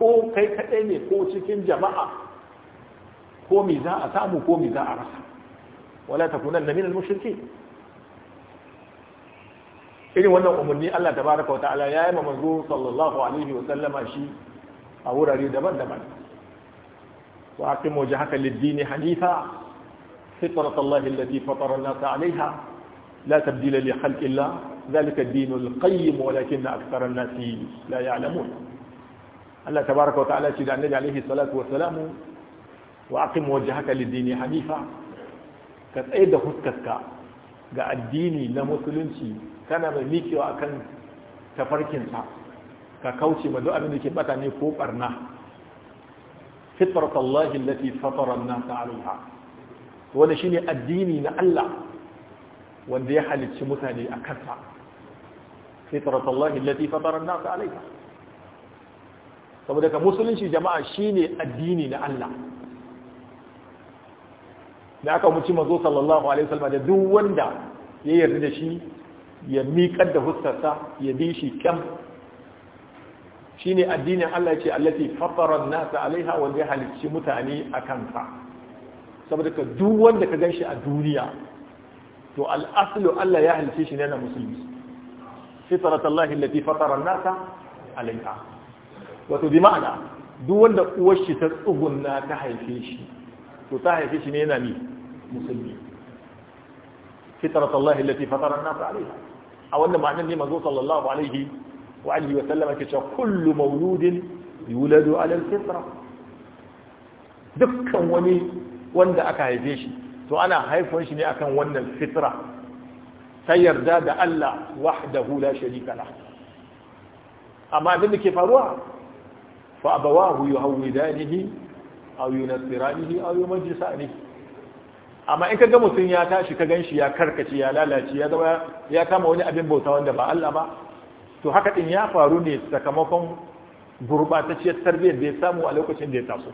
ko kai kaɗai ne ko cikin jama'a ko me za a samu ko me za a rasa wala ta kunan na minal mushriki irin wannan umarni Allah tabaraka wata'ala ya yi manzo sallallahu alaihi wa sallama shi a wurare daban-daban wa aqimu wajhaka lid-din hanifa fitrat Allah allati fatara an-nasa alaiha la tabdila li khalqi Allah ذلك الدين القيم ولكن أكثر الناس لا يعلمون Allah tabaraka wa ta'ala shi da annabi alaihi salatu wa salamu wa aqim wajhaka lid-dini hanifa ka tsaye da huskarka ga addini na musulunci kana mai mikewa akan tafarkinsa ka kauce ma duk abin da ke bata ne ko barna fitratallahi allati fatara an-nasa 'alayha wannan shine addini na Allah wanda ya halicci mutane a kansa fitratallahi allati fatara an-nasa 'alayha saboda ka musulunci jama'a shine addini na Allah da aka muci mazo sallallahu alaihi wasallam da duk wanda ya yarda da shi ya miƙar da hussarsa ya bi shi kyam shine addinin Allah ce allati fatara an-nasa alaiha wanda ya mutane a kansa saboda ka duk wanda ka ganshi a duniya to al-aslu Allah ya halicce shi ne na musulmi fitratallahi allati fatara an-nasa alaiha wato bi ma'ana duk wanda uwar shi ta tsugunna ta haife shi to ta haife shi ne yana ni musulmi fitrat Allah allati fatara an-nas 'alayha a wannan ma'anar ne manzo sallallahu alaihi wa alihi wa sallama ke cewa kullu mawludin yuladu 'ala al-fitra dukkan wani wanda aka haife shi to ana haifon shi ne akan wannan fitra ta yarda da Allah wahdahu la sharika lahu amma abin da ke faruwa fa abawahu yuhawidanihi aw yunasiranihi aw yumajjisanihi amma in kaga mutum ya tashi ka ganshi ya karkace ya lalace ya zama ya kama wani abin bauta wanda ba Allah ba to haka din ya faru ne sakamakon gurbatacciyar tarbiyyar da ya samu a lokacin da ya taso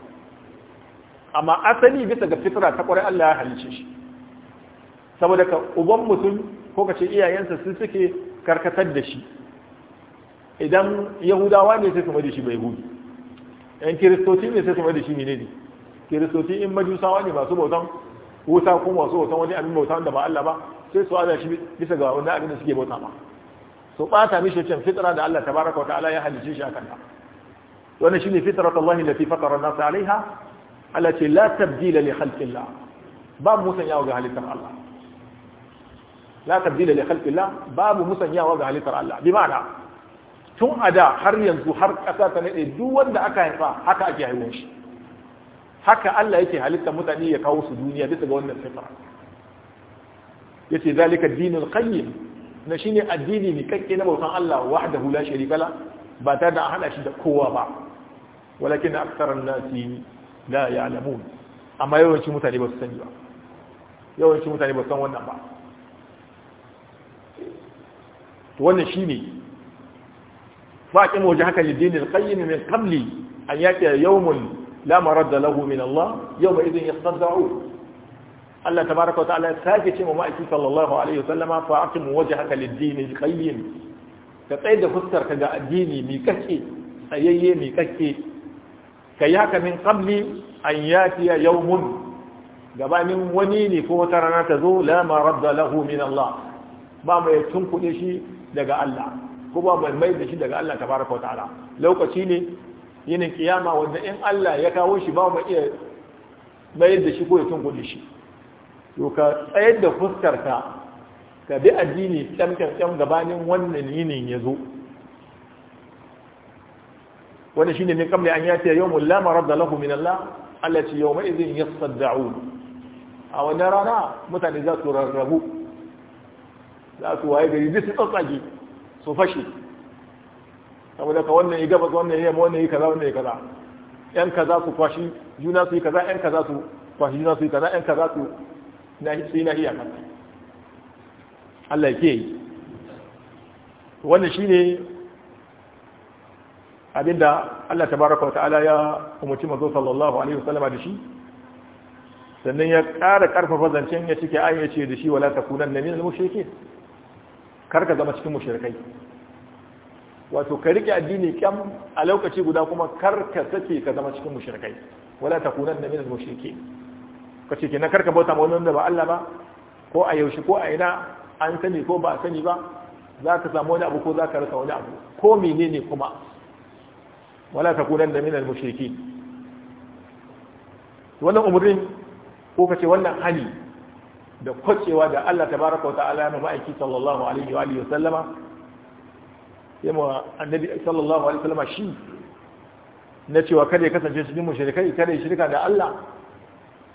amma asali bisa ga fitra ta kwarai Allah ya halice shi saboda ka uban mutum ko kace iyayensa suke karkatar da shi idan yahudawa ne sai kuma da shi bai hudu yan kiristoci ne sai su da shi ne kiristoci in majusawa ne masu bautan wuta ko masu bautan wani abin bauta da ba Allah ba sai su ana shi bisa ga wani abin da suke bauta ba. su bata mishi can fitra da Allah tabaraka wa ta'ala ya halice shi akan ta wannan shine fitrat Allah lati fatara nas alaiha allati la tabdila li khalqillah babu musanyawa ga halittar Allah la tabdila li khalqillah babu musanyawa ga halittar Allah bi ma'ana tun a da har yanzu har ƙasa ta naɗe duk wanda aka haifa haka ake haihuwar shi haka Allah yake halitta mutane ya kawo su duniya bisa ga wannan sifa ce zalika dinul qayyim na shi ne addini ne kakke na bautan Allah wahdahu la sharika la ba ta da hana shi da kowa ba walakin aktharun nasi la ya'lamun amma yawancin mutane ba su sani ba yawancin mutane ba su san wannan ba Wannan shi ne. فاكم وجهك للدين القيم من قبل أن يأتي يوم لا مرد له من الله يومئذ يصدعون الله تبارك وتعالى ساكت ومأتي صلى الله عليه وسلم فاكم وجهك للدين القيم كتعيد فسر كذا الدين ميككي أيي ميككي كياك من قبل أن يأتي يوم gabanin wani ne ko wata rana ta zo la maradda lahu min Allah ba mai tunkuɗe shi daga Allah kuma mai mai da shi daga Allah tabaraka wa ta'ala lokaci ne yinin kiyama wanda in Allah ya kawo shi ba mu iya mayar da shi ko ya kudi shi to ka tsayar da fuskar ka bi addini tsam tsam gabanin wannan yinin ya zo wani shine ne kamar an yace yawmul la maradda lahu min Allah allati yawma idhin yasaddaun a wannan rana mutane za su rarrabu za su waye gari duk su tsatsage su fashe saboda ka wannan yi gaba wannan yi yamma wannan yi kaza wannan yi kaza yan kaza su fashi juna su yi kaza yan kaza su fashi juna su yi kaza yan kaza su su yi nahiya kan Allah ke yi wannan ne abinda Allah baraka wa ta'ala ya umarci mazo sallallahu alaihi wasallama da shi sannan ya ƙara ƙarfafa zancen ya cike ayyace ce da shi wala takunan min al mushrikin kar ka zama cikin mushrikai wato ka rike addini kyam a lokaci guda kuma kar ka sake ka zama cikin mushrikai wala takunanna minal mushrikeen kace kenan kar ka bauta ma wanda ba Allah ba ko a yaushe ko a ina an sani ko ba a sani ba za ka samu wani abu ko za ka rasa wani abu ko menene kuma wala da minal mushrikeen wannan umrin ko kace wannan hali da kwacewa da Allah tabaraka wa ta'ala ya aiki, sallallahu alaihi wa alihi sallama ya ma annabi sallallahu alaihi sallama shi na cewa kada ya kasance cikin mushrikai kada ya shirka da Allah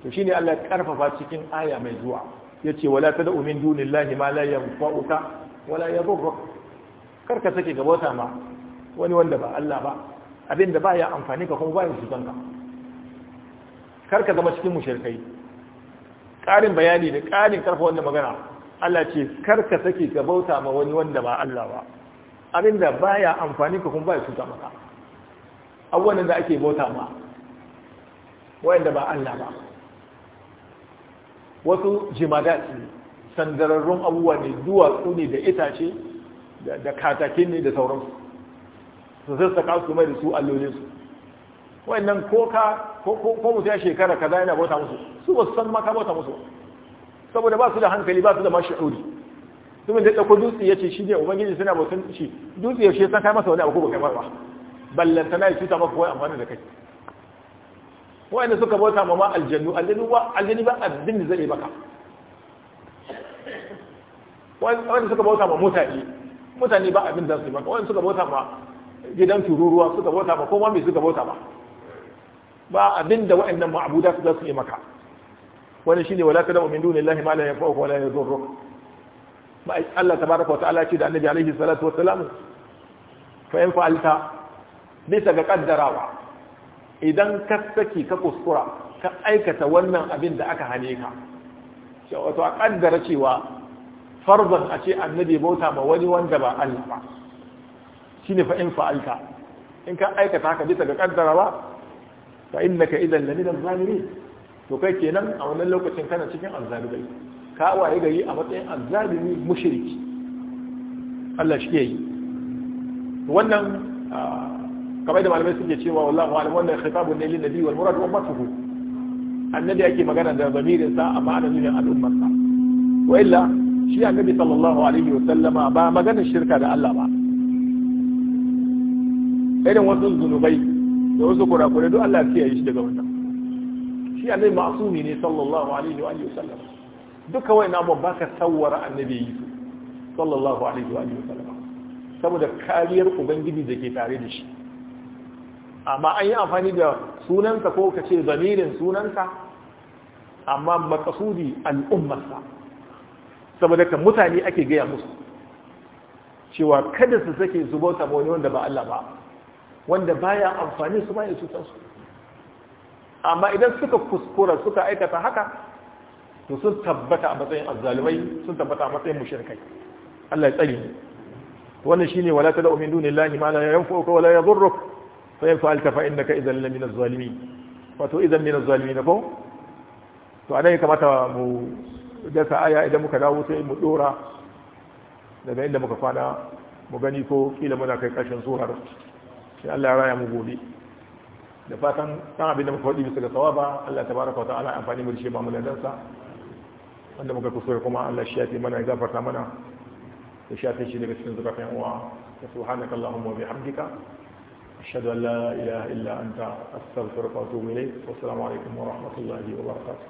to shine Allah ya karfafa cikin aya mai zuwa yace wala tad'u min dunillahi ma la yanfa'uka wala yadurruk karka sake gabata ma wani wanda ba Allah ba abinda baya amfani ka kuma baya cutanka karka zama cikin mushrikai ƙarin bayani da ƙarin karfa wanda magana Allah ce karka sake ka bauta ma wani wanda ba Allah ba abinda baya amfani ka kuma baya cuta maka abubuwan da ake bauta ma wanda ba Allah ba wasu jimadati sandararrun abubuwa ne duwatsu ne da itace da katakin ne da sauransu su sassaka su mai da su allolinsu wannan ko ka ko mutum ya shekara kaza yana bauta musu su ba su san maka bauta musu saboda ba su da hankali ba su da mashu'uri domin da ɗauko dutse ya ce shi ne ubangiji suna bautan shi dutse ya shi san kai masa wani abu ko ba kai ba ballanta na ya cuta maka wai amfani da kai wa'anda suka bauta ma ma aljannu aljannu ba aljannu ba abin da zai maka wa'anda suka bauta ma mutane mutane ba abin da su baka. wa'anda suka bauta ma gidan tururuwa suka bauta ma koma mai suka bauta ma ba abin da wa'annan ma'abuda su zasu yi maka wani shine wala tad'u min dunillahi ma la yanfa'uka wa la yadurruk ba Allah tabaraka wa ta'ala ce da annabi alaihi salatu wa wassalam fa in fa'alta bisa ga kaddarawa idan ka saki ka kuskura ka aikata wannan abin da aka hane ka wato a kaddara cewa farzan a ce annabi bauta ma wani wanda ba Allah ba shine fa in fa'alta in ka aikata haka bisa ga kaddarawa fa innaka idan lamina zalimin to kai kenan a wannan lokacin kana cikin azzalimai ka waye gari a matsayin azzalimi mushriki Allah shi yayi wannan kamar da malamai suke cewa wallahi alam wannan khitabun ne lin nabi wal murad ummatuhu annabi yake magana da zamirin sa amma ne nuna al'ummar sa wa illa shi annabi sallallahu alaihi wa sallama ba magana shirka da Allah ba irin wasu zunubai da wasu kurakurai duk Allah ya yi shi daga wannan shi annabi ma'asumi ne sallallahu alaihi wa alihi wasallam duka wai na babba ka tsawara annabi yi sallallahu alaihi wa alihi wasallam saboda kariyar ubangiji da ke tare da shi amma an yi amfani da sunansa ko ka ce zamirin sunansa amma makasudi al'ummarsa saboda kan mutane ake gaya musu cewa kada su sake su bauta wani wanda ba Allah ba wanda baya amfani su ma cutar su amma idan suka kuskura suka aikata haka to sun tabbata a matsayin azzalumai sun tabbata a matsayin mushrikai Allah ya tsare mu wannan shine wala ta tad'u min dunillahi ma la yanfa'uka wala yadhurruk fa in fa'alta fa innaka idhan min az-zalimin wato idan min az-zalimin ko to anan ya kamata mu dasa aya idan muka dawo sai mu dora daga inda muka kwana mu gani ko kila muna kai kashin surar sai Allah ya raya mu gobe da fatan kan abin da muka faɗi bisa ga sawaba Allah tabaraka wa ta'ala amfani mu da shi ba mu ladansa wanda muka kusura kuma Allah shi ya fi mana ya gafarta mana ya shafe shi daga cikin zakafin uwa wa subhanaka allahumma wa bihamdika ashhadu an la ilaha illa anta astaghfiruka wa atubu ilayk wa assalamu alaikum wa rahmatullahi wa barakatuh